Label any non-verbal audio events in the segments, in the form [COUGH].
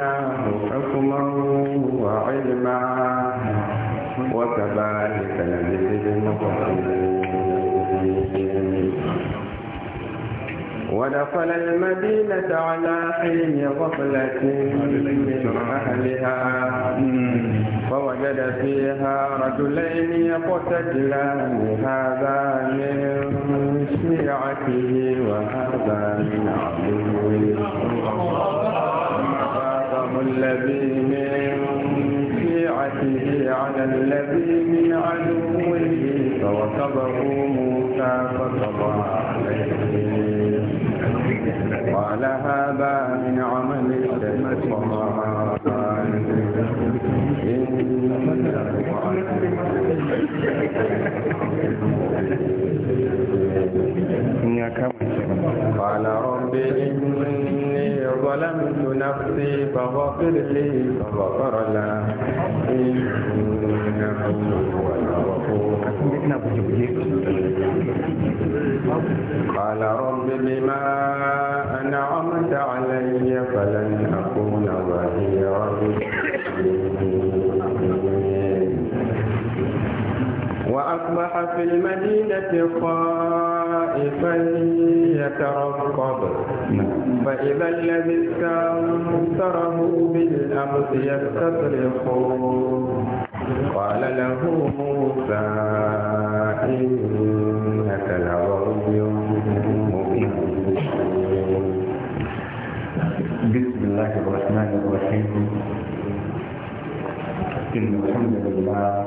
حكما وعلما وكذلك نجزي المحسنين ودخل المدينة على حين غفلة من أهلها فوجد فيها رجلين يقتتلان هذا من شيعته وهذا من عدوه الذي من شيعته على الذي من عدوه فوكبه موسى فقضى عليه قال هذا من عمل الشيطان قال رب إن ولم ننفسي فغفر لي فغفر له إنه هو الغفور قال رب بما أنعمت علي فلن أكون ظهيرا وأصبح في المدينة خائفا يترقب فإذا الذي استنصره بالأمس يستطرقه قال له موسى إنك لغوي مبين بسم الله الرحمن الرحيم إن الحمد لله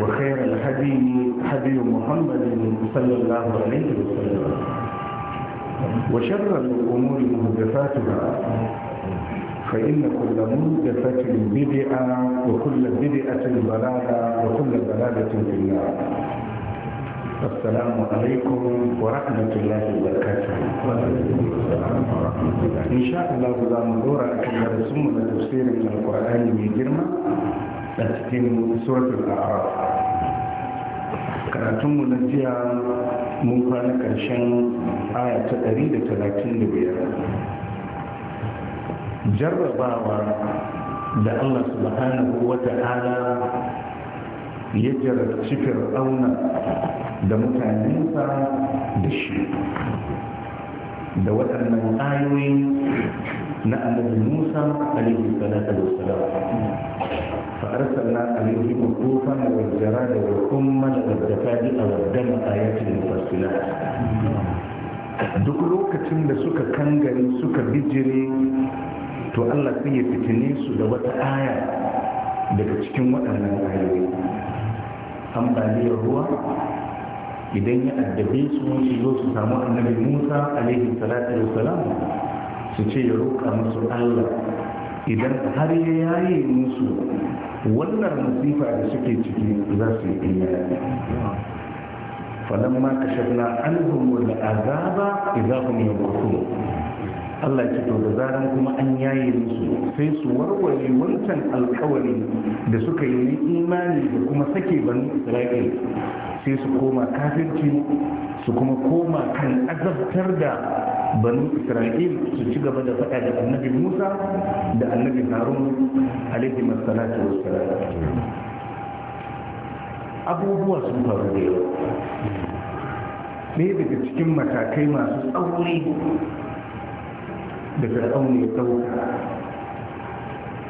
وخير الهدي هدي محمد صلى الله عليه وسلم وشر الأمور مهدفاتها فإن كل مهدفة بدعة وكل بدعة ضلالة وكل ضلالة في النار السلام عليكم ورحمة الله وبركاته إن شاء الله بلا مدورة كما رسمنا تفسير من القرآن من جرمة a cikin suratul a'raf karatunmu na jiya mun kwana karshen aya ta ɗari da da talatin biyar. jarrabawa da Allah subhanahu wa ta'ala ya jarabci fir'auna da mutanensa da shi da waɗannan ayoyi na annabi Musa alaihi salatu wassalam fa arsalna alaihi tufan wa jarada wa kumma wal dafadi aw dam ayatin mufassilat duk lokacin da suka kangare suka bijire to Allah sai ya fitine su da wata aya daga cikin waɗannan ayoyi ambaliyar ruwa idan ya addabe su su zo su samu annabi Musa alaihi salatu wassalam su ce ya roƙa musu Allah idan har ya yaye musu wannan musifa da suke ciki za su yi iya falamma kashafna anhum al'azaba idza ya yabkun Allah ce to da zaran kuma an yaye musu sai su warware wancan alkawari da suka yi na imani da kuma sake ban Isra'il sai su koma kafirci su kuma koma kan azabtar da banu isra'il su ci gaba da faɗa da annabi musa da annabi harun alaihi masalatu wassalam abubuwa sun faru da yawa ɗaya daga cikin matakai masu tsauri da fir'aun ya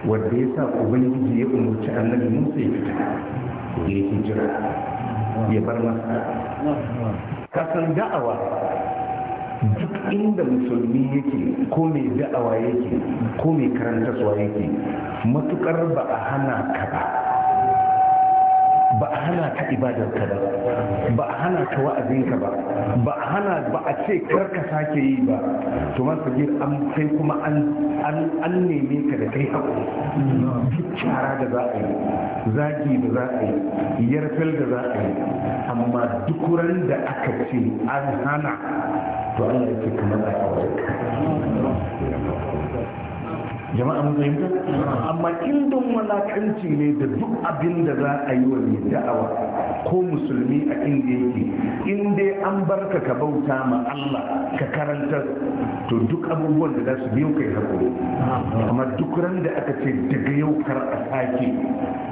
wanda ya sa ubangiji ya umarci annabi musa ya fita ya hijira ya bar masa kasan da'awa duk inda musulmi yake ko mai da'awa yake ko mai karantarwa yake matukar ba a hana ka ba ba a hana ka ibadarka ba ba a hana ka wa'azinka ba ba a hana ba a ce karka sake yi ba to ma sabir an kai kuma an neme ka da kai hakuri duk cara da za a yi zagi da za a yi yarfel da za a yi amma duk ran da aka ce an hana to Allah ya ce kamar a kawarka jama'a mun fahimta amma in don walakanci ne da duk abin da za a yi wa mai da'awa ko musulmi a inda yake in dai an barka ka bauta ma Allah ka karanta, to duk abubuwan da za su biyo kai hakuri amma duk ran da aka ce daga yau kar a sake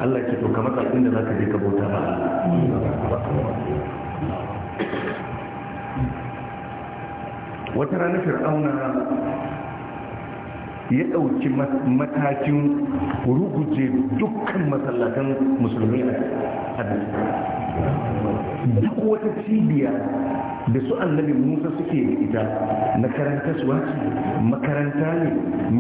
Allah ke to kamar inda za ka je ka bauta ma Allah wata ranar fir'auna ya ɗauki matakin ruguje dukkan masallatan musulmi a duk wata cibiya da su annabi musa suke da ita na karanta suwa makaranta ne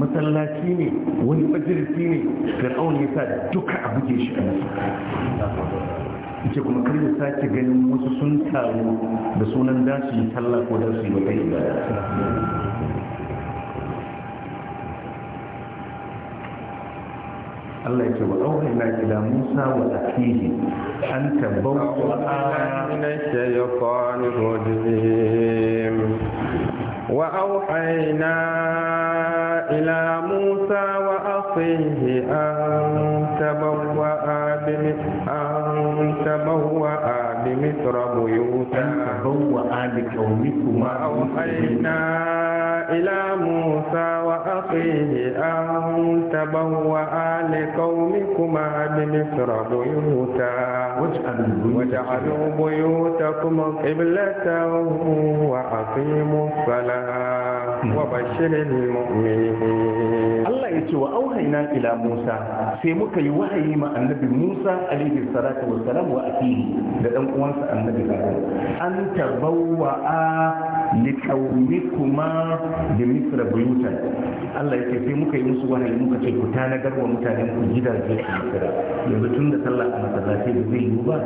masallaci ne wani majalisi ne Fir'auna ya sa duka a buge shi a yace kuma kar ya sake ganin wasu sun taru da sunan dashi yi sallah ko dashi yi wata ibada Allah ya ce wa na ila Musa wa akhihi an tabawwa min ash-shaytanir rajim wa auhayna ila Musa wa akhihi an بوأ لمصر بيوتا بوأ لقومكما وأوحينا إلى موسى وأخيه أن تبوأ لقومكما بمصر بيوتا واجعلوا بيوتكم قبلة وأقيموا الصلاة allah المؤمنين wa يتي وأوحينا إلى Musa, sai muka yi wahayi ma annabi Musa alaihi salatu wassalam wa akihi da dan uwansa annabi Harun an tabawwa'a liqaumikuma bi misr buyutan Allah ce sai muka yi musu wahayi muka ce ku tanadar wa mutanen ku gidaje a Misra yanzu tun da sallah a masallaci da zai yi ba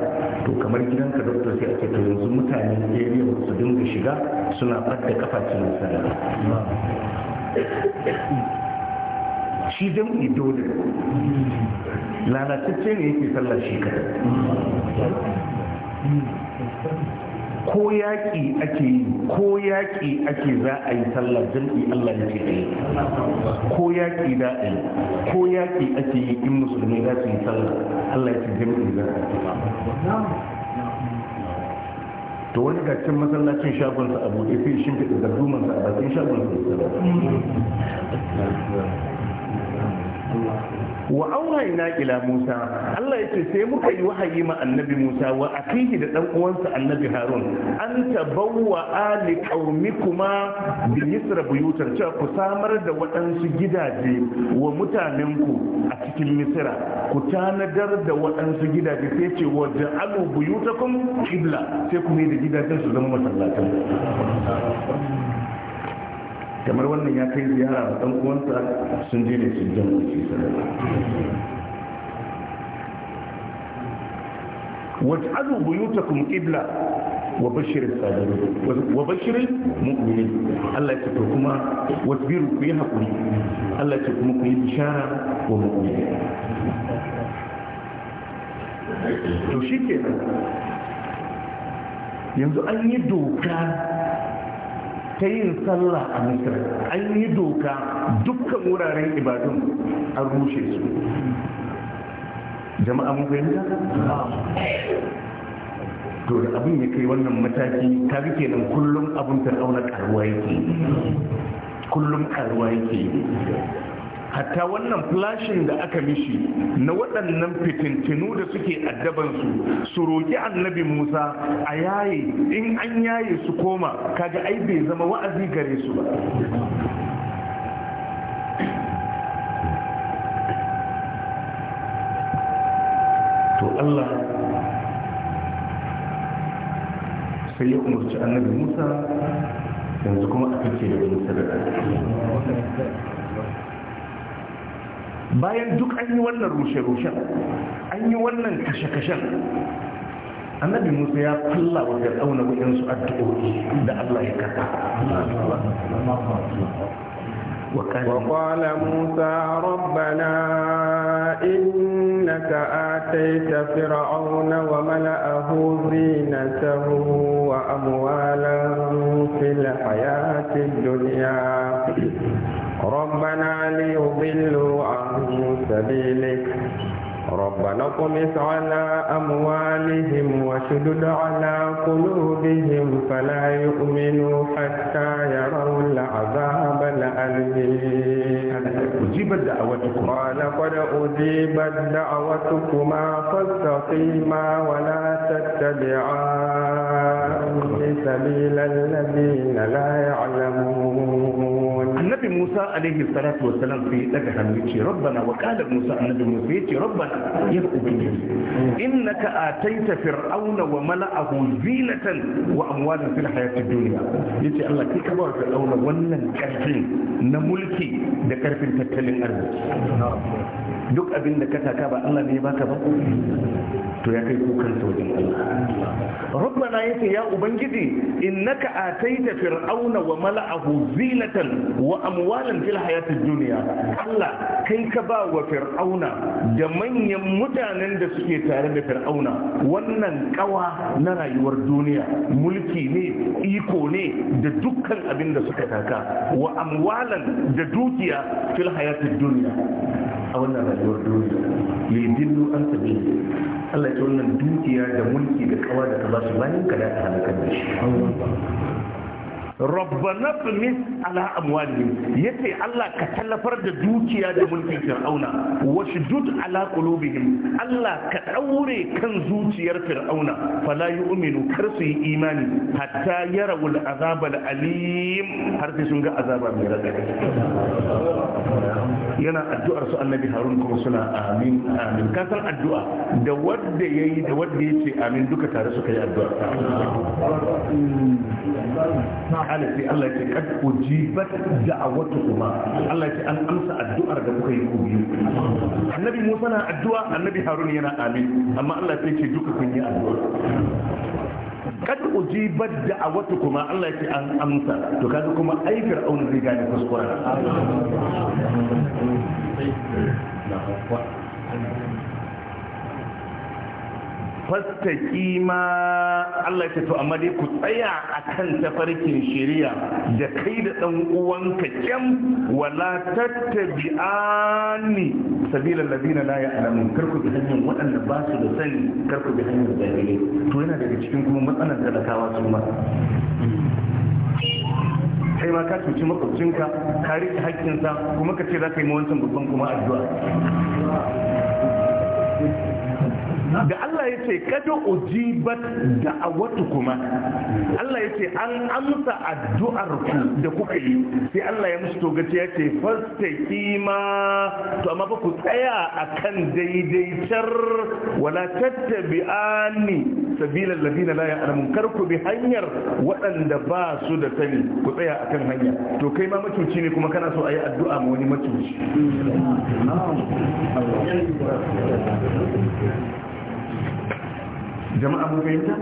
to kamar gidanka doctor sai ce to yanzu mutanen area su dinga shiga suna fadda kafa cikin sallah shi jam'i da lalatacce ne yake sallar shi ko yaƙi ake yi ko yaƙi ake za a yi sallar jam'i Allah ya ce ɗaya ko yaƙi za a yi ko yaƙi ake yi in musulmi za su yi sallar Allah ya ce jam'i za a yi to wani cikin masallacin sa a buɗe sai shi fiɗe da sa a bakin shagonsa wa auhayna ila Musa Allah yace sai muka yi wahayi ma annabi Musa wa akihi da dan uwansa annabi Harun an tabawwa ali qaumikuma bi Misra buyutan cewa ku samar da waɗansu gidaje wa mutanenku a cikin Misra ku tanadar da waɗansu gidaje sai ce wa ja'alu buyutakum qibla sai ku yi da gidajen su zama masallatan kamar wannan ya kai ziyara a dan uwansa sun je ne sun jan kuɗi sadaka waj'alu buyutakum qibla wa bashirin sabirin wa bashirin mu'minin Allah ce to kuma wasbiru ku yi haƙuri Allah ce kuma ku yi bishara wa mu'minin to shi ke yanzu an yi doka ta yin sallah a misir an yi doka dukkan wuraren ibadun an rushe su jama'a mun fahimta to da abin ya kai wannan mataki rike kenan kullum abin auna karuwa yake kullum karuwa yake hatta wannan flashin da aka mishi na waɗannan fitintinu da suke addabansu su roƙi annabi musa a yaye in an yaye su koma kaga ai bai zama wa'azi gare su ba to allah sai ya umarci annabi musa yanzu kuma a fice da musa da bayan duk an yi wannan rushe-rushen an yi wannan kashe-kashen annabi musa ya kulla wa fir'auna wajen su addu'o'i da Allah ya karba وقال موسى ربنا إنك آتيت فرعون وملأه زينته وأموالا في الحياة الدنيا ربنا ليضلوا عن سبيله ربنا اطمس على أموالهم واشدد على قلوبهم فلا يؤمنوا حتى يروا العذاب الأليم أجيبت دعوتكما لقد أجيبت دعوتكما فاستقيما ولا تتبعا سبيل الذين لا يعلمون annabi musa alaihi salatu wassalam sai ya daga hannu ce rabbana wa qala musa annabi musa ya rabbana ya ubangiji innaka ataita fir'auna wa mala'ahu zinatan wa amwalan fil hayati dunya yace Allah kai ka ba fir'auna wannan karfin na mulki da karfin tattalin arziki duk abin da ka taka ba Allah ne ya baka ba to ya kai kukan wajen Allah rabbana yace ya ubangiji atai ataita fir'auna wa mala'ahu zinatan wa amwalan fil duniya. Allah kai ka ba wa fir'auna da manyan mutanen da suke tare da fir'auna wannan kawa na rayuwar duniya mulki ne iko ne da dukkan abin da suka taka wa amwalan da dukiya fil hayatid dunya a wannan rayuwar duniya yadillu an sabili Allah ya wannan dukiya da mulki da kawa da kaza su bayan ka da halakar da shi rabbana tumis ala amwalihim yace Allah ka tallafar da dukiya da mulkin fir'auna washdud ala qulubihim Allah ka daure kan zuciyar fir'auna fala yu'minu kar su yi imani hatta yarawul azabal alim har sai sun ga azaba mai radadi yana addu'ar su annabi harun kuma suna amin amin ka san addu'a da wanda yayi da wanda yace amin duka tare suka yi addu'a ta'ala sai Allah ce kad ujibat da'awatuhuma Allah ce an amsa addu'ar da kuka yi ku biyu annabi Musa na addu'a annabi Harun yana amin amma Allah sai ce duka kun yi addu'a kad ujibat da'awatukuma Allah ce an amsa to kaga kuma ai fir'aun zai gane kuskuren fasta ma Allah ya to amma dai ku tsaya a kan tafarkin shari'a da kai da ɗan uwanka kyam wala tattabi'ani sabila ladina la ya'lamu kar ku bi hanyar waɗanda ba su da sani kar ku bi hanyar jahilai to yana daga cikin kuma matsalar talakawa su ma kai ma ka cuci makwabcinka ka rike haƙƙinsa kuma ka ce za ka yi mawancin babban kuma addu'a da Allah ya ce kada ujibat awatu kuma Allah ya ce an amsa addu'ar ku da kuka yi sai Allah ya musu togaci ya ce kima, to amma ba ku tsaya akan daidaitar wala tattabi'ani sabilal ladina la ya'lamun kar ku bi hanyar waɗanda ba su da sani ku tsaya akan hanya to kai ma macuci ne kuma kana so a yi addu'a ma wani macuci jama'a mun fahimta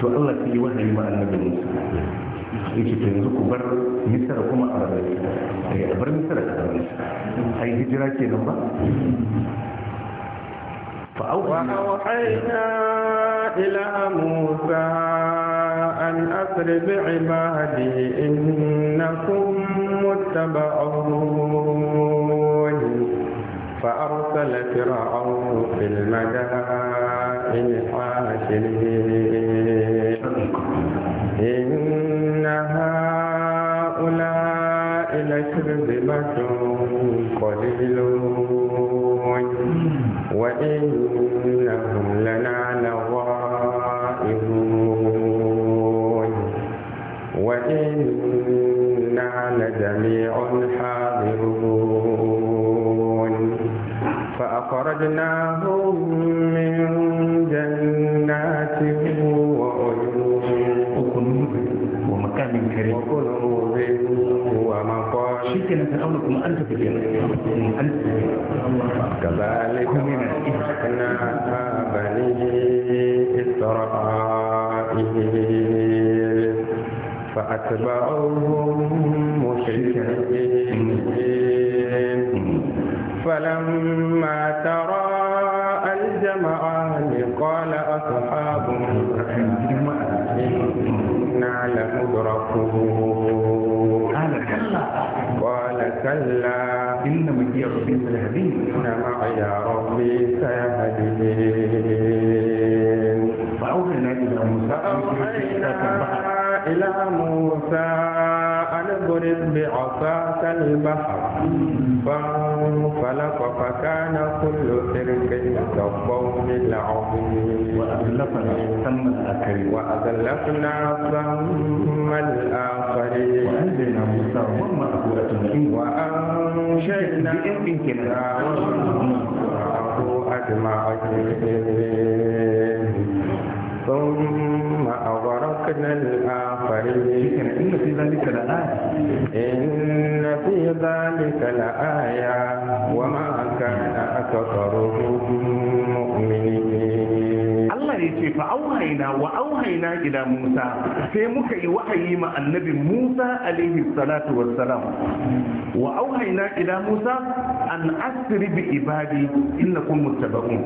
to Allah sai yi ma annabi Musa yake to yanzu ku bar Misar kuma a rabar daga bar Misar eh, a rabar yi hijira kenan ba fa auhayna ila Musa an asri bi ibadi أرسل فرعون في المدائن حاشرين إن هؤلاء لشرذمة قليلون وإنهم لنا لغائبون وإنا لجميع حاضرون أخرجناهم من جنات وعيون ومكان كريم وكنوز ومقام شكرا لكم أنت في أنت كذلك أخرجنا بني إسرائيل فأتبعوهم مشركين فلما ترى الجمعان قال أصحاب إنا لمدركون قال كلا إن معي ربي سيهدين إن معي ربي سيهدين فأوحينا إلى موسى أن اضرب بعصاك البحر فانفلق فكان كل فرق كالقوم العظيم وأذلفنا ثم الآخرين وأنشأنا أجمعين ثم أغرقنا الآخرين إن في ذلك لآية إن في ذلك لآية وما كان أكثرهم ya ce fa auhaina wa auhaina ila Musa sai muka yi wahayi ma annabi Musa alaihi salatu wassalam wa auhaina ila Musa an asri bi ibadi innakum muttaba'un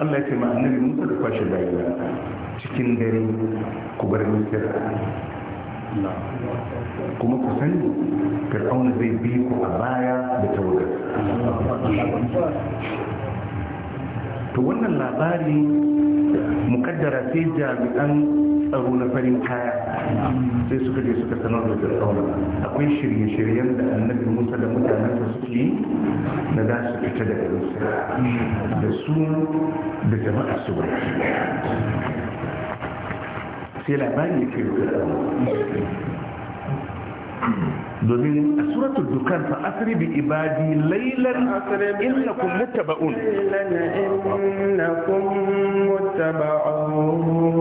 Allah ya ce ma annabi Musa da kwashi da cikin dare ku bar misira kuma ku sani fir'auna zai bi ku a baya da tawagar to wannan labari mukaddara sai jami'an tsaro na farin kaya sai suka je suka sanar da fir'auna akwai shirye-shiryen da annabi musa da mutanen da suke yi na za su fita daga misra da su da jama'a su sai labari ya ke domin a suratul dukan fa asri bi ibadi laylan innakum muttaba'un innakum muttaba'un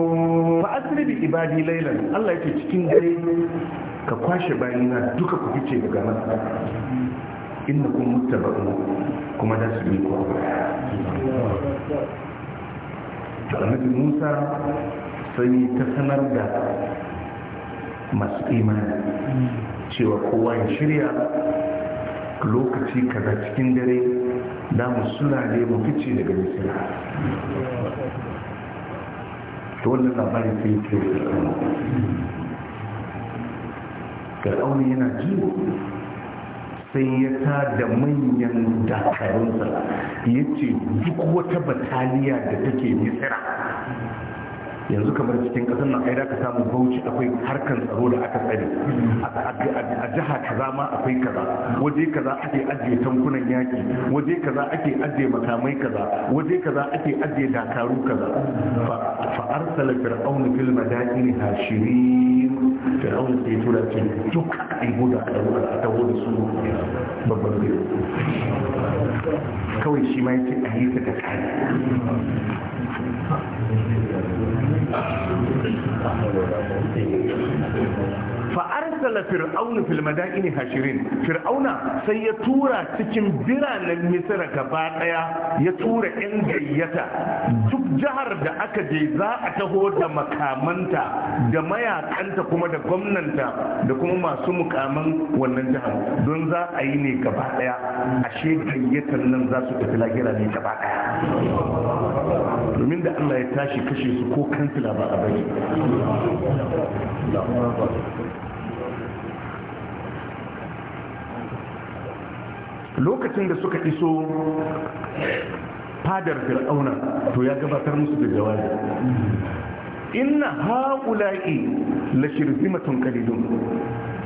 fa asri bi ibadi laylan Allah yake cikin dare ka kwashe bayina duka ku fice daga nan innakum muttaba'un kuma da su yi ku Annabi Musa sai ta sanar da masu imani cewa kowa ya shirya lokaci kaza cikin dare da suna ne mu fice daga misira ta wannan labarin sai ke fir'auna yana jiwo sai ya ta da manyan dakarunsa ya ce duk wata bataliya da take misira yanzu kamar cikin ƙasar nan ai da ka samu bauchi akwai harkan tsaro da aka tsare a jiha kaza ma akwai kaza waje kaza ake ajiye tankunan yaki waje kaza ake ajiye makamai kaza waje kaza ake ajiye dakaru kaza fa arsala fir'aun fil madaini hashirin fir'aun sai tura ce duk ai goda karu a tawo wurin su babban gari kawai shi ma yake ayyuka da kai arsala fir'aunu fil madaini hashirin fir'auna sai ya tura cikin biranen misra gaba daya ya tura yan gayyata duk jihar da aka je za a taho da makamanta da mayakanta kuma da gwamnanta da kuma masu mukaman wannan jihar don za a yi ne gaba daya ashe gayyatar nan za su tafi lahira ne gaba daya domin da Allah ya tashi kashe su ko kansila ba a bari lokacin da suka iso fadar fir'auna to ya gabatar musu da jawabi inna haulai la shirzimatun qalidun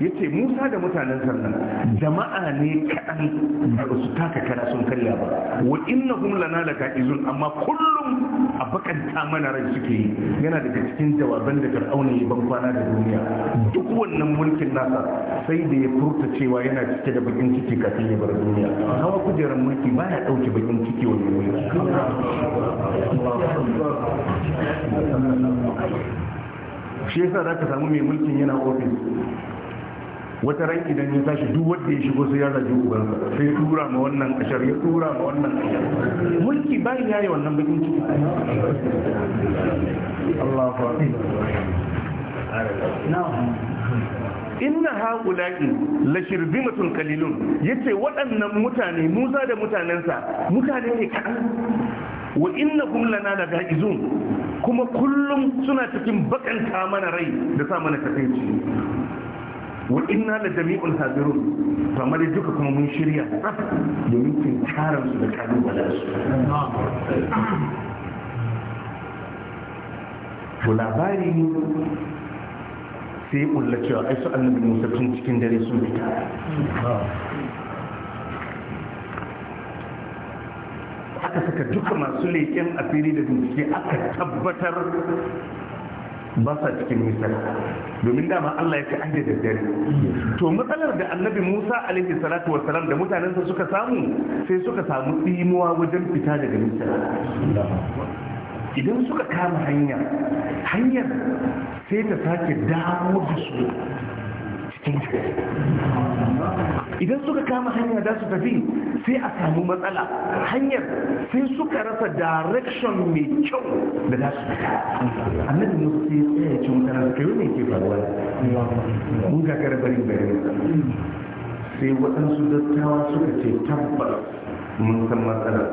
ya musa da mutanen sannan jama'a ne kaɗan da su taka kara sun karya ba wa innahum lana la ka'izun amma kullum bakanta mana ran suke yi yana daga cikin jawaban da fir'auna ya ban kwana da duniya duk wannan mulkin nasa sai da ya furta cewa yana cike da bakin ciki kafin ya bar duniya hawa kujerar mulki baya dauke bakin ciki wani mulki shi yasa za ka samu mai mulkin yana ofis wata ran idan ya tashi duk wanda ya shigo sai ya zage ubansa sai ya tura ma wannan kashar ya tura ma wannan mulki ba ya yi wannan bakin ciki Allah fa inna haƙulaƙi la mutum qalilun ya ce waɗannan mutane musa da mutanensa mutane ne kaɗan wa inna lana la ga'izun kuma kullum suna cikin bakanta mana rai da sa mana kafinci wa inna la jami'ul hadirun kamar da duka kuma mun shirya tsaf domin tunkarar su da kalubalen su to labari sai kulla cewa ai su annabi musa tun cikin dare sun fita aka saka duka masu leƙen asiri da bincike aka tabbatar ba sa cikin misali domin dama Allah ya ce an da dare to matsalar da annabi Musa alaihi salatu wassalam da mutanensa suka samu sai suka samu tsimuwa wajen fita daga misali idan suka kama hanya hanyar sai ta sake dawo da su idan suka kama hanya da su tafi sai a samu matsala hanyar sai suka rasa direction mai kyau da za su tafi da musu sai tsaye cin mutane kai ne ke faruwa mun ga karbari bari sai waɗansu dattawa suka ce tabbas mun san matsalar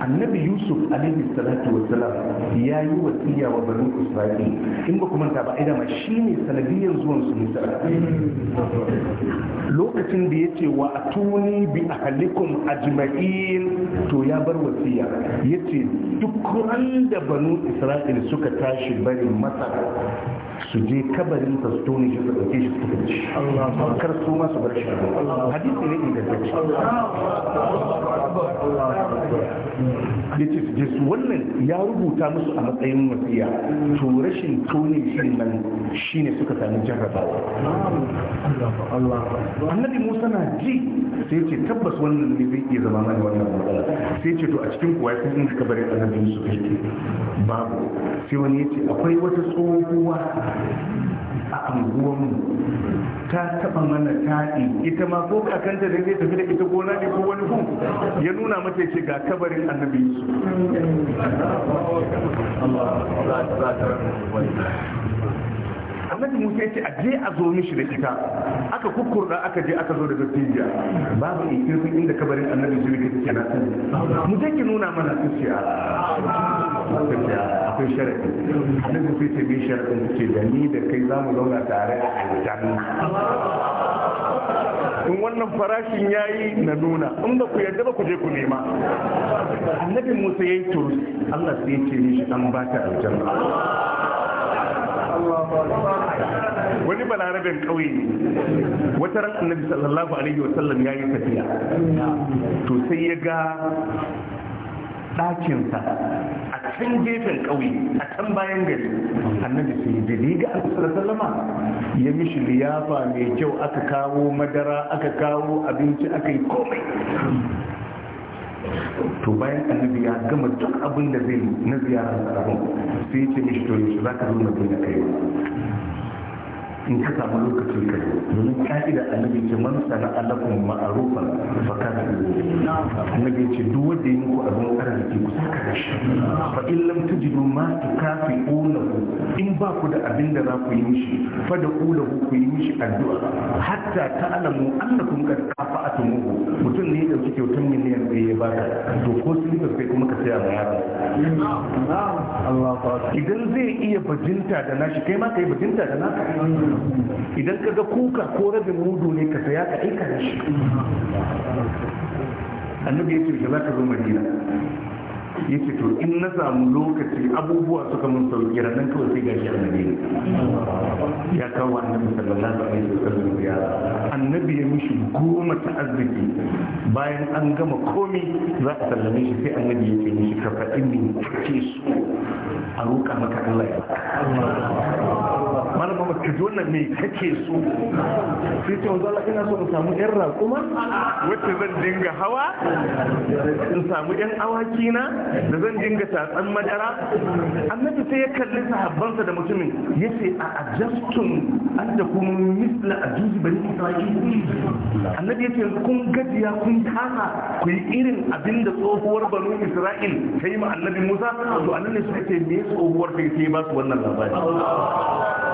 annabi yusuf alaihi salatu wa Salam ya yi wasiya wa banu isra'il in ba kuma ba idan ma shine sanadiyan zuwan su misra lokacin da yace wa atuni bi ahlikum ajma'in to ya bar wasiya yace duk ran da banu isra'il suka tashi bari masa su je kabarin ta su tone shi su dauke shi su tafi kar su ma su bar shi hadisi ne ingantacce ya ce wannan ya rubuta musu a matsayin wasiya to rashin tone shi nan shi ne suka sami jarrabawa annabi musa na ji sai ce tabbas wannan ne zai iya zama mana wannan matsala sai ce to a cikin kuwa sai ka bari annabi su babu sai wani ya ce akwai wata tsohuwa a anguwanmu ta taba mana taɗi ita ma ko kakanta da zai tafi da ita gona ne ko wani hun ya nuna mata ce ga kabarin annabi Allah annabi musa ya ce a je a zo mishi da ita aka kukkurda aka je aka zo da tijiya babu in kirkin inda kabarin annabi su rike take na Musa mu je nuna mana tsiya ah, akwai sharafi annabi ya ce bi sharafin ce da ni da kai za mu zauna tare a aljanna in wannan farashin ya yi na nuna in ba ku yarda ba ku je ku nema annabi musa ya yi turus Allah sai ya ce mishi an ta aljanna wani balarabin ƙauye ne wata ran annabi sallallahu alaihi sallam ya yi tafiya to sai ya ga ɗakinsa a can gefen ƙauye a can bayan gari annabi sai yi dade ga alisar salama ya mishi liyafa mai kyau aka kawo madara aka kawo abinci aka yi komai to bayan annabi ya gama duk abin da zai na ziyarar sarrafin sai ce mishi to yaushe za ka zo na kai in ka samu lokacin ka domin ka'ida annabi ce man sana'a lakum ma'rufa fa A annabi ce duk wanda yi muku abin arziki ku saka da shi fa in lam tujidu ma ku. in ba ku da abin da za ku yi mishi fa da ku ku yi mishi addu'a hatta ta'lamu annakum a kafa'atumuhu mutum ne da kike kyautar miliyan ɗaya ya baka to ko sun kuma ka saya ma yaron idan zai iya bajinta da nashi kai ma ka yi bajinta da naka idan ka ga kuka ko rabin mudu ne ka saya ka aika da shi annabi ya ce za ka zo madina ya ce to in na samu lokaci abubuwa suka mun sauki ranar kawai sai gashi annabi ya kawo annabi sallallahu alaihi wasallam ya annabi ya mishi goma ta arziki bayan an gama komai za a sallame shi sai annabi ya ce mishi ka faɗi min kake su. a roƙa maka Allah ya malama ba ka ji wannan mai kake so sai ce wanzu Allah ina so mu samu yan raƙuma wacce zan dinga hawa in samu yan awaki na da zan dinga tatsan madara annabi sai ya kalli sahabbansa da mutumin ya ce a ajastun an da kuma misla a juzi bani isra'ili annabi ya ce kun gajiya kun kama ku yi irin abin da tsohuwar banu isra'il ta yi ma annabi musa to annabi suka ce me tsohuwar ta yi ba su wannan labari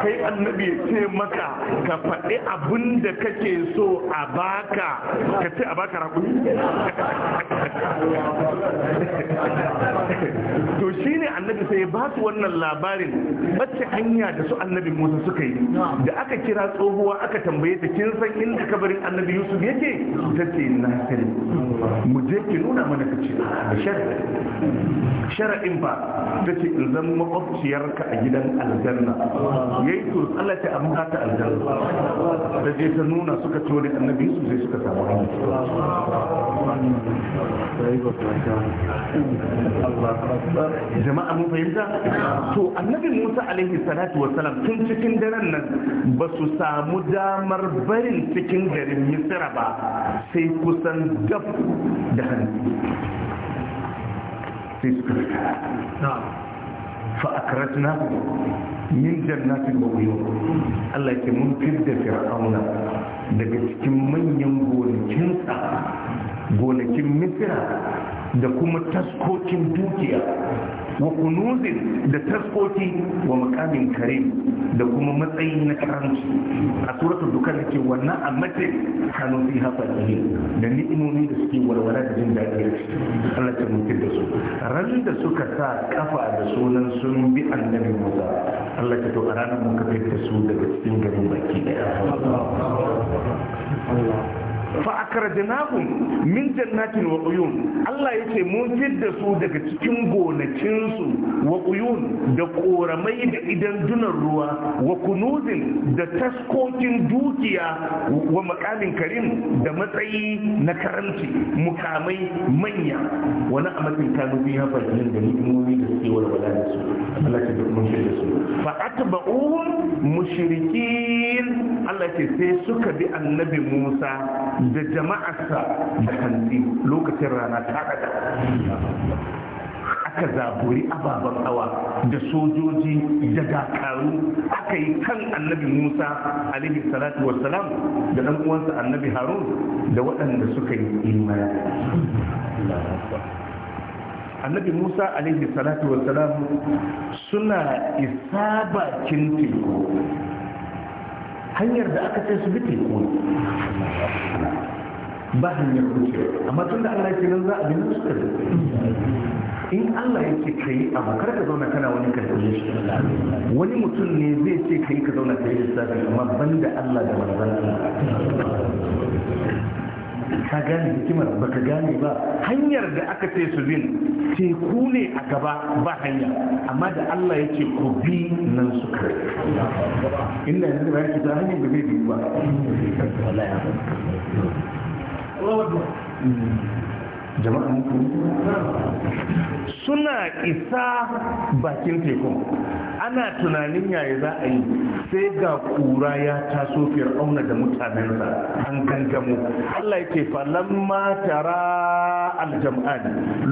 kai annabi ya ce maka ka faɗi abin da kake so a baka ka ce a baka rakuni to shi ne annabi sai ya ba su wannan labarin bacci hanya da su annabi musa suka yi da aka kira tsohuwa aka tambaye ta kin san inda kabarin annabi yusuf yake ta ce na sani mu je ki nuna mana ka ce shara'in ba ta ce in zan makwabciyarka a gidan aljanna yayi to Allah ta amma ta aljanna da je ta nuna suka tone annabi su sai suka samu jama'a mun fahimta to annabi Musa alaihi salatu wassalam tun cikin daren nan ba su samu damar barin cikin garin Misra ba sai kusan gab da hannu sai suka fita فأكرتنا من جنات وعيون الله يكي من فرعون daga cikin manyan gonakinsa gonakin misira da kuma taskokin dukiya wa da taskoki wa makamin kare da kuma matsayi na karanci a suratul dukkan ke wannan a mace kanu fi hafa da ni'imomi da suke walwala da jin daɗi da ciki Allah ta mutu da su ran da suka sa kafa da sunan sun bi annabi Musa Allah ta to a ranar muka fitar su daga cikin garin baki daya fa akrajnahum min jannatin wa uyun Allah yace mun fidda su daga cikin gonakin su wa uyun da koramai da idan dunan ruwa wa kunuzin da taskokin dukiya wa makamin karim da matsayi na karanci mukamai manya wani amatin kanu biya fahimtar da ni'imomi da suke walwala da su Allah ya da mun fidda su fa atba'uhum mushrikin Allah ke sai suka bi annabi Musa da jama'arsa da kanti lokacin rana ta daga aka zaburi ababen awa da sojoji da dakaru aka yi kan annabi musa alaihi salatu wassalam da dan uwansa annabi harun da waɗanda suka yi imani annabi musa alaihi salatu salam suna isa bakin teku hanyar da aka ce su bi teku ba hanyar kuce amma tun da allah ke nan za a bi su in allah ya ce ka yi abu ka zauna kana wani shi wani mutum ne zai ce kai ka zauna kai yi lissafi amma ban da allah da manzan ka gane hikimar ba ka gane ba hanyar da aka ce su bin teku ne a gaba ba hanya amma da Allah ya ce ku bi nan su kare inda yanzu ba ya ce hanyar da zai bi ba jama'a suna isa bakin teku ana tunanin yaya za a yi sai ga kura ya taso fir'auna da mutanensa an gangamo Allah yake falamma tara aljam'an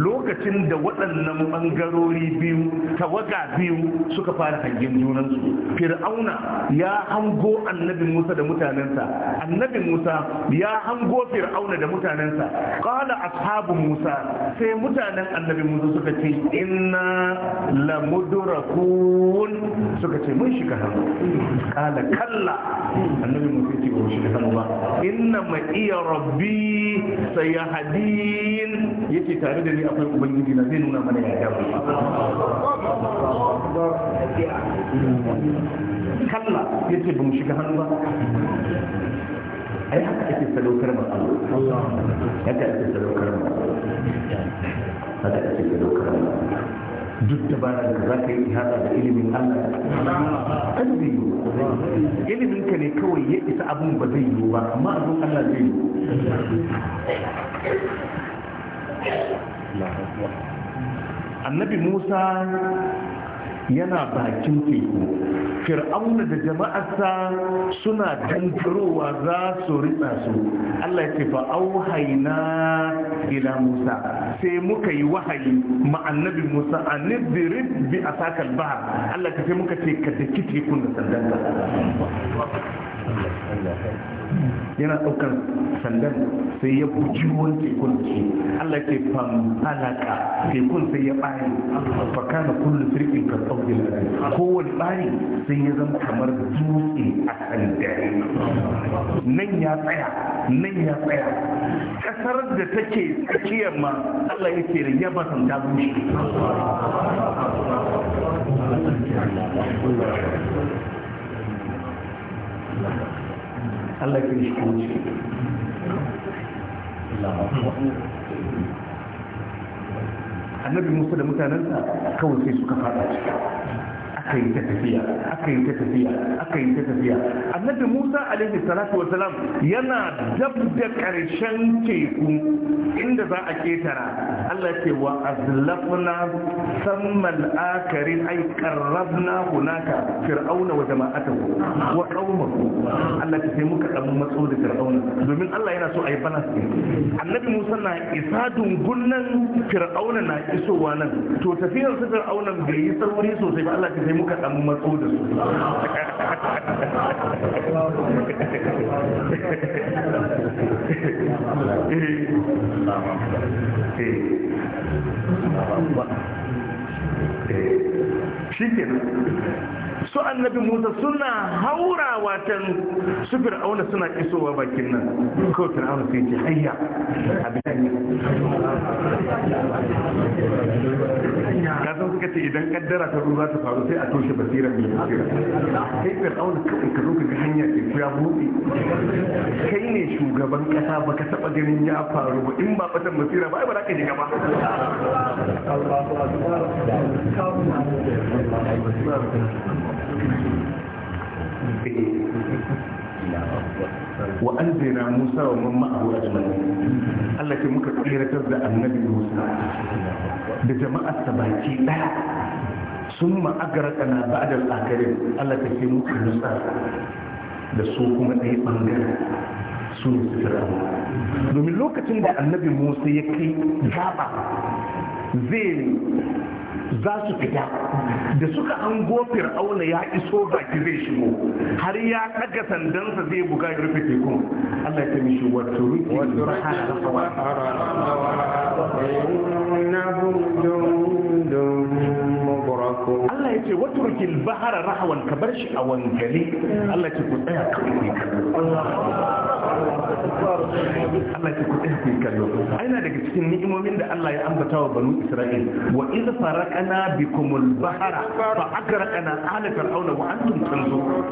lokacin da waɗannan bangarori biyu tawaga biyu suka fara hangin junansu fir'auna ya hango annabi Musa da mutanensa annabi Musa ya hango fir'auna da mutanensa qala ashabu Musa sai mutanen annabi Musa suka ce inna lamudrakun suka ce mun shiga hannu kala kalla annabi Musa ce ba shiga hannu ba inna ma iya rabbi hadin yake tare da ni akwai ubangiji na zai nuna mana ya dafa kalla yake ba mu shiga hannu ba أي حتى أتي السلو كرم الله حتى أتي السلو كرم الله حتى أتي السلو كرم الله جد تبارك ذاكي هذا بإلي من الله أنبي إلي من كان يكوي يئس أبو بذيه وما أبو الله ذيه النبي موسى yana bakin teku fir'auna da jama'arsa suna dangarowa za su ritsa su Allah ya ce fa auhaina ila Musa sai muka yi wahayi ma annabi Musa anidrib bi asakal ba Allah ya ce muka ce ka daki tekun da sandanka yana ɗaukar sandan sai ya buji ruwan tekun da shi Allah ke fanfalaka tekun sai ya bari faka na kullu sirkin ka tsaukin kowane bari sai ya zama kamar dutse a sandari nan ya tsaya nan ya tsaya ƙasar da take tsakiyar ma Allah ya ce ya ba san bushe Thank Allah ke shi kuma ce annabi Musa da mutanensa kawai sai suka fada cikin. aka yi ta tafiya aka yi ta tafiya aka yi ta tafiya annabi musa alaihi salatu wa salam yana dab da karshen teku inda za a ketara allah ce wa azlafna sammal akarin ai qarrabna hunaka fir'auna wa jama'atahu wa qaumahu allah ta sai muka dan matso da fir'auna domin allah yana so a yi balance annabi musa na isa dungun fir'auna na isowa nan to tafiyar su fir'aunan bai yi sauri sosai ba allah ta sai muka samu matso da su eh. Eh. Eh. shi ke su annabi musa suna haura watan su fir'auna suna isowa bakin nan kawai fir'auna sai ce hayya ka san suka ce idan kaddara ta ruwa ta faru sai a toshe basira mai basira kai fir'auna kawai ka zo ka ga hanya ke buɗe kai ne shugaban kasa baka taɓa ganin ya faru ba in ba fatan basira ba ai ba za ka shiga ba [LAUGHS] wa anzina musa wa man ma'ahu ajma'in Allah ke muka tsiratar da annabi musa da jama'ar ta baki daya sun ma'agaraka na da akarin Allah ke muka nutsa da su kuma ɗaya ɓangare su ne su domin lokacin da annabi musa ya kai gaba zai za su fita da suka an gofir auna ya iso baki zai shigo har ya daga sandansa zai buga ya rufe tekun Allah ya mishi wato rufe Allah ya ce wato rukil bahara rahawan ka bar shi a wangale Allah ya ce ku tsaya kawai ne Allah ya kuɗe ku kallo aina daga cikin ni'imomin da Allah ya ambata wa banu Isra'il wa iz faraqana bikumul bahara fa agraqna ala fir'auna wa antum tanzurun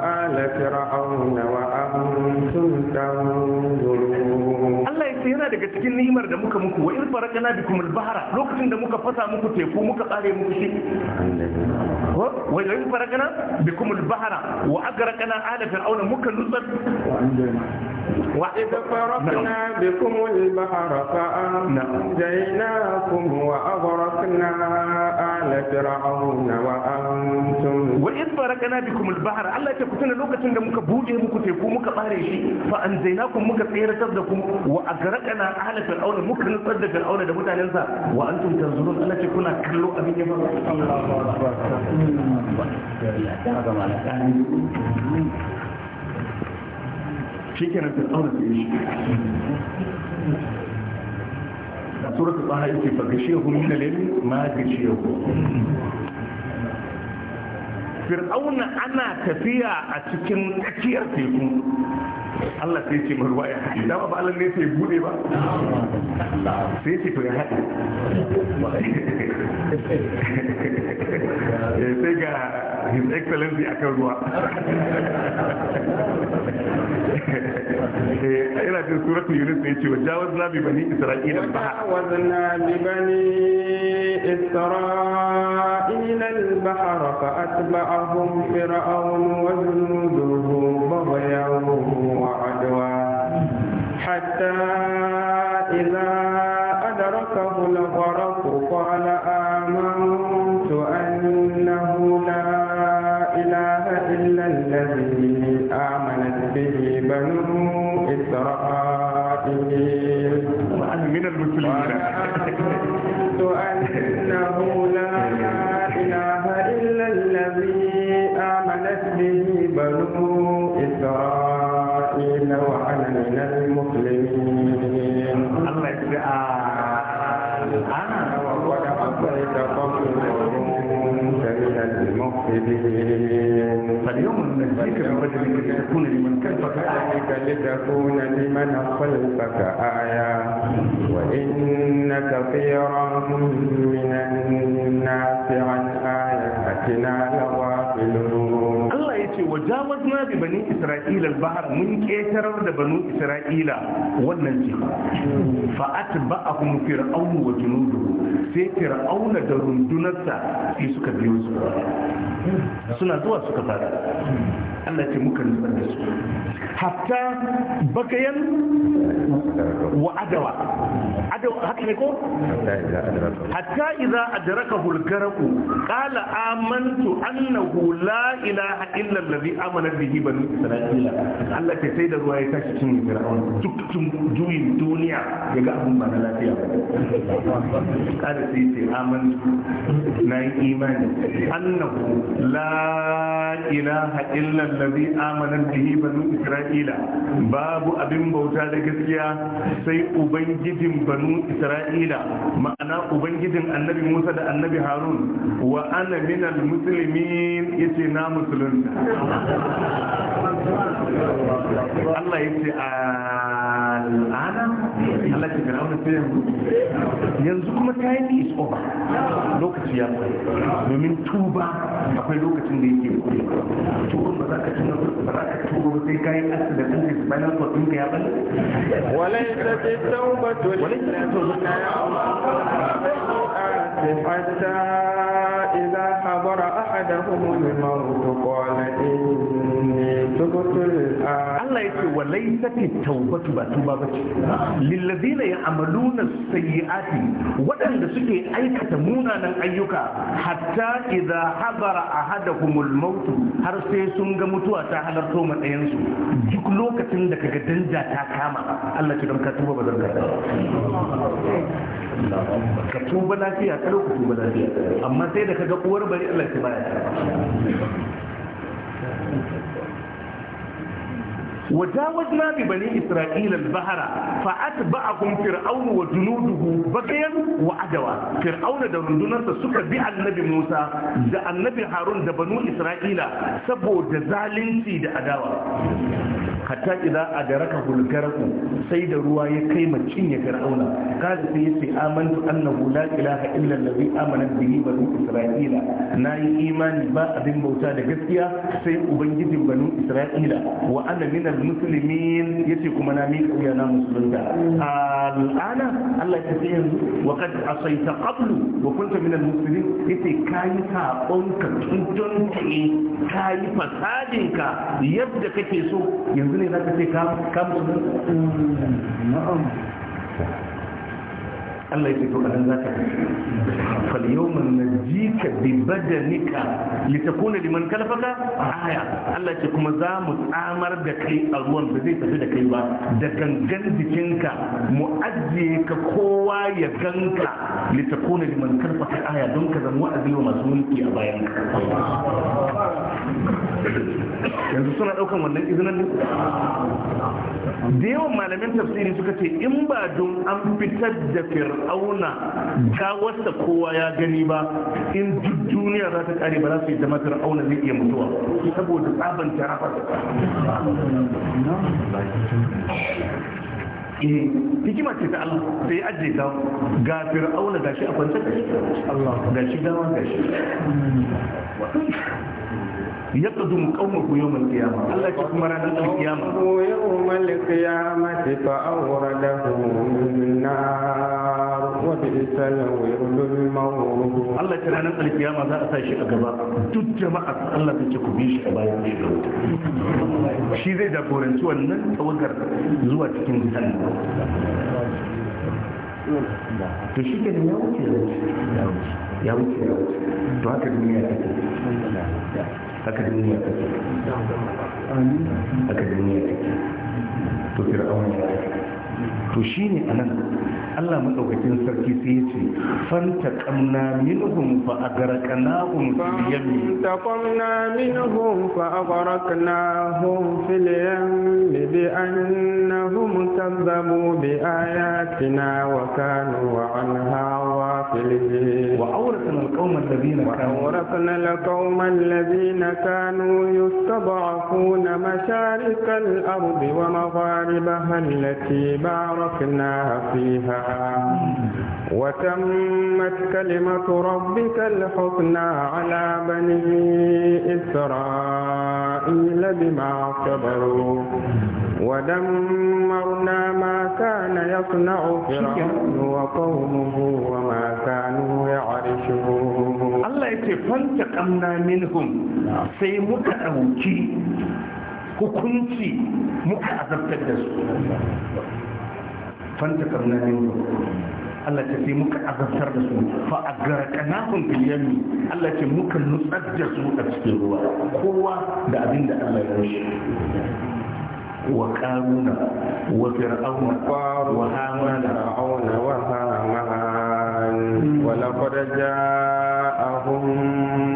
ala fir'auna wa antum tanzurun Allah ya yana daga cikin ni'imar da muka muku wa iz faraqana bikumul bahara lokacin da muka fasa muku teku muka tsare muku shi وإذ فرقنا بكم البحر وأقرقنا آل فرعون مكن نصر وإذ فرقنا بكم البحر فأنجيناكم وأغرقنا آل فرعون وأنتم وإذ فرقنا بكم البحر الله تكتنا لوكا تنجمك بولي مكتبو مكباريشي فأنجيناكم مكتير تبدكم وأغرقنا آل فرعون مكتن قد فرعون دبوتا ننسى وأنتم تنظرون ألا تكون كلو أبي الله أكبر الله أكبر الله أكبر الله أكبر في كانت القناة ايش سورة القناة ايش فقشيه من الليل ما قشيه فرعون انا كفية اتكن اكير تلكم الله سيتي في مروايا حديدة ما بقى لن يسي بودي إيه بقى سيتي في حديدة his excellency a kan ruwa ina jin suratun yunus ne cewa jawaz na bi bani isra'ila ba jawaz na bi bani isra'ila al-bahr fa atba'ahum fir'aun wa junuduhu baghyan wa adwa hatta idza بنو إسرائيل وأنا من المسلمين ذكر بدرك لتكون لمن خلفك آية لتكون لمن خلفك آية وإن كثيرا من الناس عن آياتنا jawazna da bani isra'ila bahar mun ketarar da bani isra'ila wannan ce fa kuma fir'aunu wa junuduhu sai fir'auna da rundunarsa sai suka biyo su suna zuwa suka fara Allah ce muka nutsar da su hatta bakayan wa adawa haka ne ko hatta idza adrakahu al-gharqu qala amantu annahu la ilaha illa allazi amana bihi banu isra'ila Allah ke sai da ruwa ya tashi cin fir'aun duk tun juyin duniya ya ga abun ba na lafiya ba kada sai sai amantu na yi imani annahu la ilaha illa allazi amana bihi banu isra'ila babu abin bauta da gaskiya sai ubangijin banu banu isra'ila ma'ana ubangijin annabi musa da annabi harun wa ana minal muslimin yace na musulunta Allah ya ce al'ana Allah ce firauna sai yanzu kuma kuma time is over lokaci ya kai domin tuba akwai lokacin da yake kuri tuba ba za ka tuna ba za ka tuba ba sai kayan asibitin da spinal cord ɗinka ya bala walaita ce tauba to تبكي حتى إذا حضر أحدهم الموت Allah ya ce wa laysati tawbatu ba tuba bace lillazina ya'maluna sayyi'ati waɗanda suke aikata munanan ayyuka hatta idza hadara ahadakumul maut har sai sun ga mutuwa ta halarto ma ɗayan su duk lokacin da kaga danja ta kama Allah ce don ka tuba ba zarga ka tuba lafiya ka ku tuba lafiya amma sai da kaga uwar bari Allah ce baya ta وجاوزنا ببني إسرائيل البحر فأتبعهم فرعون وجنوده بغيا وعدوا فرعون da rundunarsa suka bi annabi Musa da annabi Harun da banu Isra'ila saboda zalunci da adawa hatta idza adrakahu al-garqu sai da ruwa ya kai macin ya fir'auna kaza sai yace amantu annahu la ilaha illa allazi amana bihi banu isra'ila nayi imani ba abin bauta da gaskiya sai ubangijin banu isra'ila wa ana min al-muslimin yace kuma na mi kauya na musulunta al'ana Allah ya ce yanzu wa qad asaita qablu wa kunta min al-muslimin yace kai sabon ka tun don kai kai fasadin ka yadda kake so yanzu ne za ka ce ka musulunta na'am Allah ya ce to anan zaka fal yawma najika bi badanika litakuna liman kalafaka aya Allah ya ce kuma za mu tsamar da kai a ruwan da zai tafi da kai ba da gangan jikinka mu ajiye ka kowa ya ganka litakuna liman kalafaka aya don ka zama wa'azi wa masu mulki a bayan yanzu suna daukan wannan izinin ne da yawan malamin tafsiri suka ce in ba don an fitar da fir'auna gawarsa kowa ya gani ba in duk duniya za ta kare ba za su yi zama fir'auna zai iya mutuwa saboda tsaban tarafar eh hikima ce ta Allah sai ajiye ta ga fir'auna gashi a kwance gashi Allah shi dama gashi yadda dum kauma ku yawon kiyama Allah ki kuma ranar da kiyama ko yawon kiyama Allah ki ranar da kiyama za a sa shi a gaba duk jama'a Allah ta ce ku bi shi a bayan shi shi zai da wannan tawagar zuwa cikin jannu to shi ke da yawon ya wuce ya wuce to haka duniya ta ce haka duniya ta ce haka duniya ta ce to fir'aun ya to shi shine anan Allah madaukakin sarki sai ya ce fanta qamna minhum fa agraqnahum fil yammi taqamna minhum fa agraqnahum fil yammi bi annahum kazzabu bi ayatina wa kanu anha wafilin wa awratna alqawma alladhina kanu awratna alqawma alladhina kanu yustad'afuna masharika الأرض ومغاربها التي باركنا فيها وتمت كلمة ربك الحسنى على بني إسرائيل بما صبروا ودمرنا ما كان يصنع فرعون وقومه وما كانوا يعرشون الله يتفلتقمنا منهم سيمك أوكي hukunci muka azabtar da su فانتقم نادم التي تسي مك أغفر دسو فأغرك أناهم في اليمن التي تسي مك سوء دسو أتسكروا قوة دا أبين دا الله يرش وقارون وفرعون وهامان وفرعون وهامان ولقد جاءهم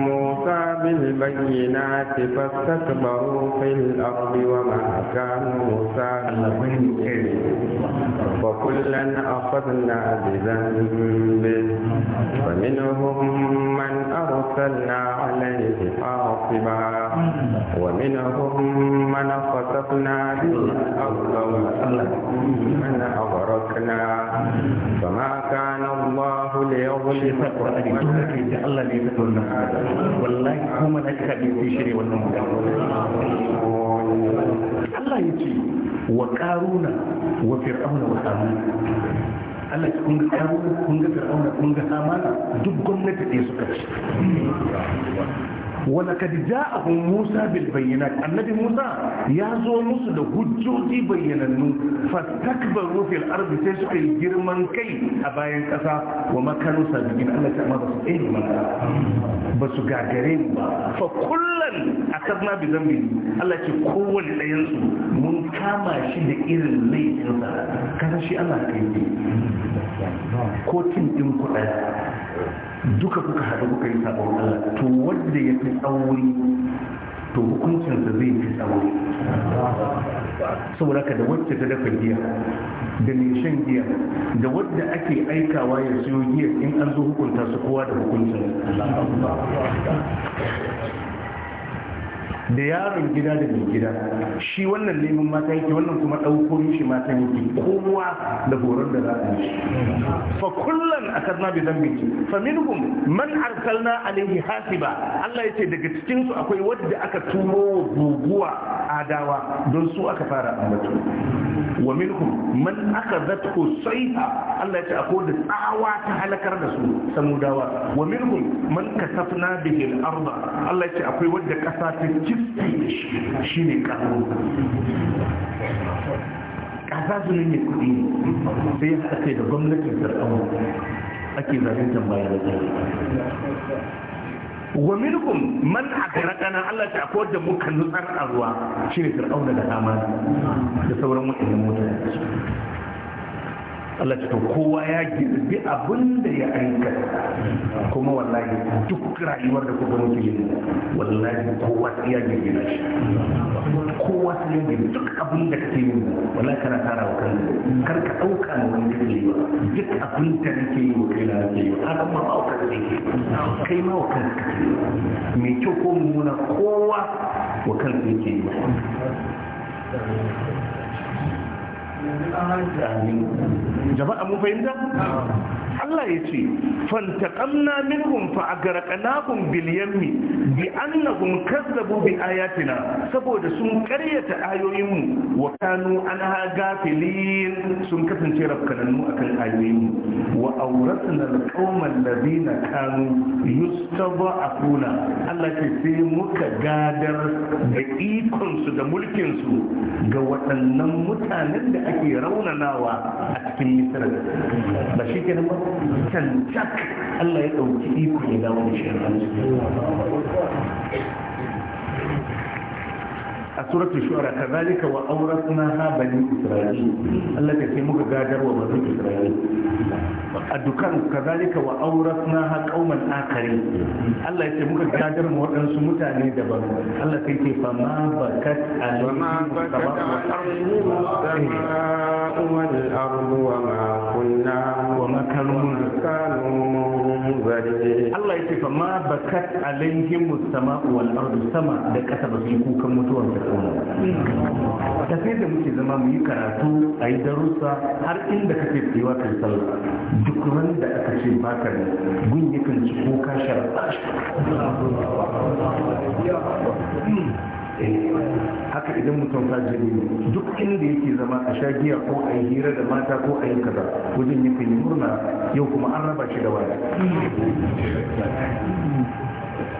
موسى بالبينات فاستكبروا في الأرض وما كانوا موسى الله وين يكلم وكلا أخذنا بذنبه فمنهم من أرسلنا عليه حاصبا ومنهم من خسفنا به الأرض ومن أغرقنا فما كان الله ليظلمهم والله هم لك في والنمو Allah ya ce wa ƙaruna wa fir'auna wa hamana Allah ya kun ga ƙaruna kun ga fir'auna kun ga duk gwamnati ɗaya suka ci walakad ja'ahum Musa bil bayyinat annabi Musa ya zo musu da hujjoji bayyanannu fastakbaru fil ardi sai girman kai a bayan kasa wa makanu sabiqin Allah ta amma basu ɗaya maka ba su gagare mu ba fa kullan akadna bi zambi Allah ce kowanne ɗayan su mun kama shi da irin laifinsa kasan shi Allah yi. ko cin ɗin kuɗa duka kuka haɗu kuka yi sabon Allah to wanda ya fi tsauri to hukuncinsa zai fi tsauri saboda ka da wacce ta dafa giya da mai shan giya da wadda ake aikawa ya siyo giya in an zo hukunta su kowa da hukuncin da yaron gida da mai gida shi wannan neman mata yake wannan kuma ɗauko mishi mata yake kowa da horar da za a yi fa kullum a karna bi zan biki fa minhum man arsalna alaihi hasiba Allah yace daga cikin su akwai wadda aka turo guguwa adawa don su aka fara ambato wa minhum man sai sayha Allah yace akwai da tsawa ta halakar da su samudawa wa minhum man kasafna bihi al-ardh Allah yace akwai wadda kasa ta shi ne ƙaho ƙasa su ne kuɗi sai ya haɗa kai da gwamnatin sarƙamu ake zafin tambaya da tsaye wa minkum man agarakana Allah ta ko da muka nutsar a ruwa shine fir'auna da dama da sauran mutanen mutane Allah ce to kowa ya girbi abin da ya aikata kuma wallahi duk rayuwar da kuka muke yi wallahi kowa ya girbi na shi kowa ya girbi duk abin da kake yi wallahi kana tara wa kanka kar ka dauka ne wani kake yi duk abin da kake yi wa kai na kake yi ma ba ka kake kai ma wa kanka kake yi mai kyau ko mummuna kowa wa kanka yake yi jama'a mun fahimta Allah ya ce fantaqamna minhum fa agraqnahum bil yammi bi annahum kazzabu bi ayatina saboda sun karyata ayoyinmu wa kanu anha gafilin sun kasance rafkanannu akan ayoyinmu wa awratna al qauma alladhina kanu yustada'afuna Allah ce sai muka gadar da ikon su da mulkin su ga waɗannan mutanen da ake raunanawa a cikin misira ba shi kenan ba can Allah ya ɗauki iko ya dawo da shi سورة الشعراء كذلك وأورثناها بني إسرائيل التي في مقدار وبني إسرائيل الدكان كذلك وأورثناها قوما آخرين الله يتي مقدار مورن سمتاني دبر الله في فما بكت عليهم بكت السماء والأرض وما كنا وما كانوا Allah ya ce fa ma bakat alaihim musama'u wal ardu sama da kasa ba su kukan mutuwar Ta sai da muke zama mu yi karatu a yi darussa har inda kake tsayuwa kai sallah duk wanda aka ce baka ne gun yakan ci kuka shara hmm. haka idan mutum ta ne duk inda yake zama a sha giya ko a yi hira da mata ko a yi kaza wajen yi yi murna yau kuma an raba shi da wani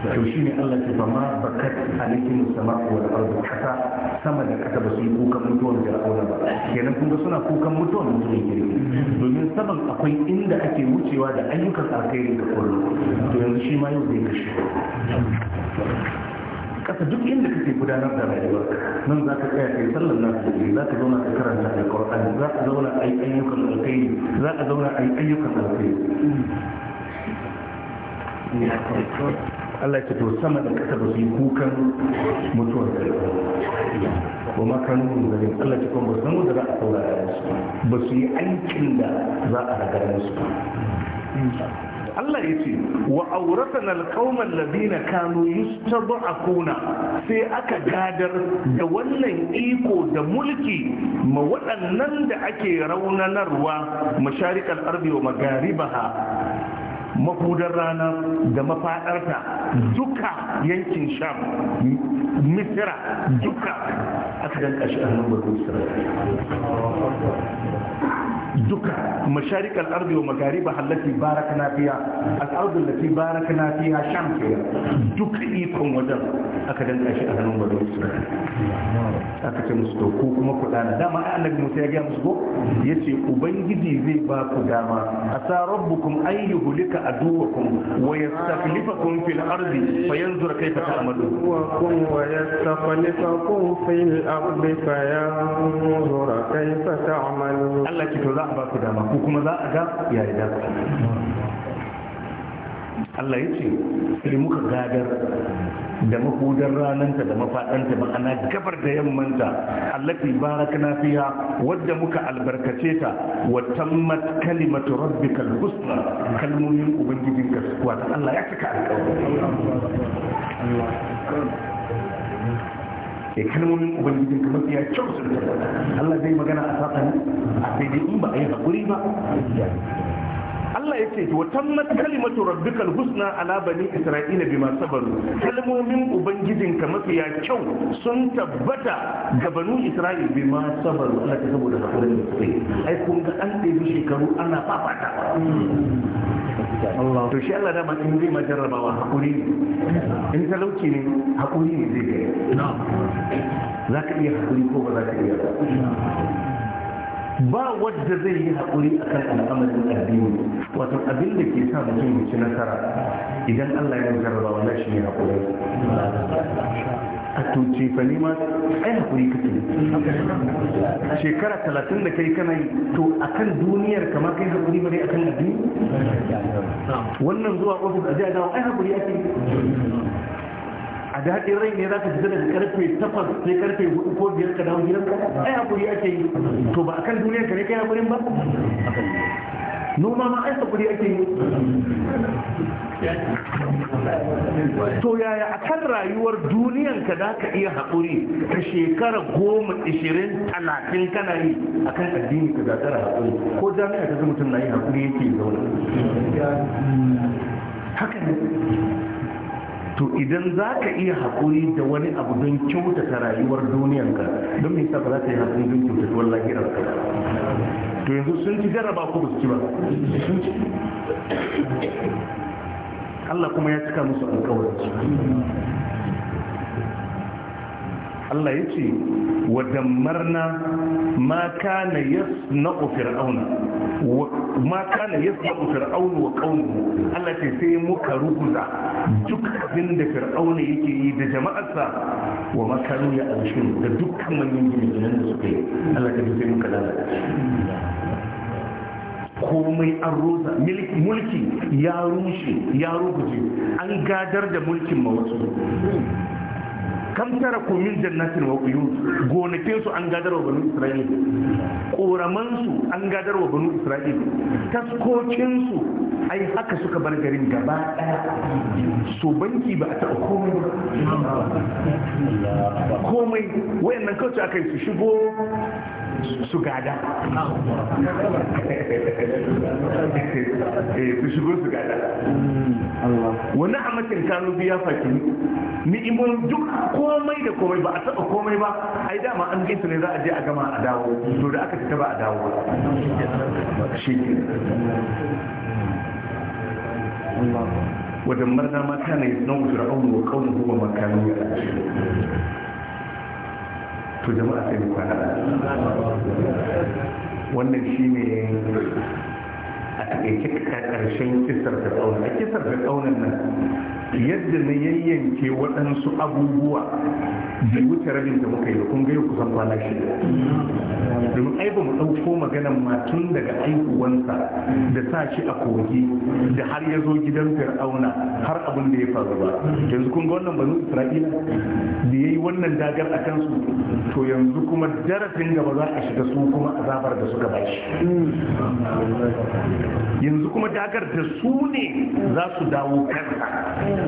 to shi ne Allah ke fama bakat nufin sama ko da arzu kasa sama da kasa ba su yi kukan mutuwar ra'auna ba kenan kun suna kukan mutuwar suna girki domin saman akwai inda ake wucewa da ayyukan alkhairi da kullum to yanzu shi ma yau zai kashe kasa duk inda kake gudanar da rayuwa nan za ka tsaya kai sallar nafili za ka zauna ka karanta alqur'ani za ka zauna a yi ayyukan alkhairi za ka zauna a yi ayyukan alkhairi Allah ya to sama da kasa ba su yi kukan mutuwar da ba ma kanu gari Allah ya kuma ba san da za a saurara musu ba su yi aikin da za a ragara musu ba Allah ya ce wa auratan alqauman ladina kanu yustad'afuna sai aka gadar da wannan iko da mulki ma waɗannan da ake raunanarwa masharikal ardi wa magaribaha mafudar rana da mafadarta duka yankin sham misira duka aka danka shi duka masharik al-ardi wa magariba allati barakna fiha al-ardi allati barakna fiha sham fiha duk ikon wajen aka danka shi a hannun bari Isra'ila aka ce musu to ku kuma ku dana dama ai annabi Musa ya ga musu ko yace ubangiji zai ba ku dama asa rabbukum an yuhlika aduwakum wa yastakhlifakum fil ardi fayanzur kayfa ta'malun wa yastakhlifakum fil ardi fayanzur kayfa ta'malun Allah ki to za a ba ku dama ko kuma za a ga yayi da Allah ya ce sai muka gadar da mahudar rananta da mafaɗanta ma'ana gabar da yammanta allati barakna fiha wadda muka albarkace ta wa tammat kalimatu rabbikal husna kalmomin ubangijinka wata Allah ya cika alƙawari ya eh, kalmomin ubangijin ka mafiya ya kyau su Allah zai magana a satan a sai dai in ba a yi hakuri ba Allah ya ce wa tammat kalimatu rabbikal husna ala bani isra'ila bima sabaru kalmomin ubangijin ka mafiya ya kyau sun tabbata ga banu isra'il bima sabaru Allah ta saboda hakurin da suke ai kun ga an ɗebi shekaru ana fafata to shi Allah dama in zai majarrabawa hakuri ne in talauci ne hakuri ne zai gaya za ka iya hakuri ko ba za ka iya ba wadda zai yi hakuri a kan al'amarin addini wato abin da ke sa mutum ya ci nasara idan Allah ya jarrabawa na shi ne hakuri a tuce fa ma ai hakuri kake shekara talatin da kai kana yi to akan duniyar kama kai hakuri ba ne akan addini wannan zuwa ofis a jiya dawo ai hakuri ake a daɗin rai ne za ka fita daga karfe takwas sai karfe hudu ko biyar ka dawo ka ai hakuri ake yi to ba a kan duniyar ka ne kai hakurin ba noma ma ai hakuri ake yi to yaya a kan rayuwar duniyan ka za ka iya haƙuri ka shekara goma ishirin talatin kana yi a kan addini ka za zaƙara haƙuri ko jami'a ta mutum na yi haƙuri yake zaune haka ne to idan za ka iya haƙuri da wani abu don kyauta ta rayuwar ka don mai safa za ta yi haƙuri don kyautata wani lahirar ka to yanzu sun ci jarraba ko ba su ci ba Allah kuma ya cika musu alkawarci Allah ya ce wa "Maka ma kana yasna'u fir'auna "Maka ma kana yasna'u fir'auna wa qaumu Allah ce sai muka ruguza duk abin da fir'auna yake yi da jama'arsa wa makaru ya alshin da dukkan manyan gidan da suka yi Allah ya ce sai muka lalata komai an rusa mulki ya rushe ya rubuce an gadar da mulkin mawasu kam tara komin jannatin wa kuyu gonakin su an gadar wa banu isra'il koraman su an gadar wa banu isra'il taskocin su ai haka suka bar garin gaba daya so banki ba a taɓa komai ba komai wayannan kawai aka yi su shigo su gada eh, su shigo su gada wani hamakin kanu biya duk komai da komai ba a taba komai ba ai dama an gaisa ne za a je a gama a dawo to da aka fita ba a dawo shi ودمرنا ما كان يصنع فرعون وقومه وما كانوا يعملون to jama'a sai mu kwana wannan shine a takaice karshen kisar da kauna kisar da nan yadda na yayyanke waɗansu abubuwa bai wuce rabin da muka yi da kun kusan kwana shida domin ai ba mu ɗauko maganan matun daga aihuwansa da sa shi a kogi da har ya zo gidan fir'auna har abin da ya faru ba yanzu kun ga wannan banu isra'ila da ya yi wannan dagar a kansu to yanzu kuma darasin gaba za a shiga su kuma azabar da suka bashi yanzu kuma dagar da su ne za su dawo kansa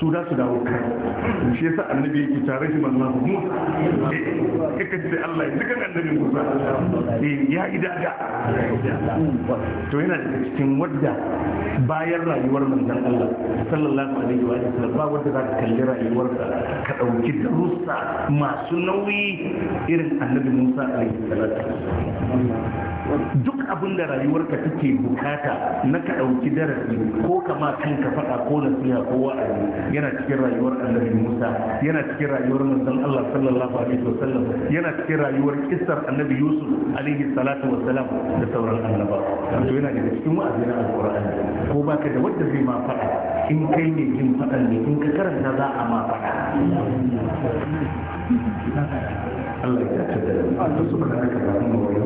su da su dawo kan shi yasa annabi yake tare shi manzo Musa eh, kika ce Allah ya kan annabi Musa eh ya idada to yana da cikin wadda bayan rayuwar manzon Allah sallallahu alaihi wa sallam ba wadda za ka kalli rayuwar ka dauki darussa masu nauyi irin annabi Musa alaihi salatu duk abin da rayuwarka take bukata na ka ɗauki darasi ko kama kanka faɗa ko nasiha ko wa'azi yana cikin rayuwar annabi Musa yana cikin rayuwar manzon Allah sallallahu alaihi wasallam yana cikin rayuwar kissar annabi Yusuf alaihi salatu wassalam da sauran annaba to yana daga cikin wa'azi na alqur'ani ko baka da wanda zai ma faɗa in kai ne jin faɗan ne in ka karanta za a ma faɗa Allah ya tabbata da su kana da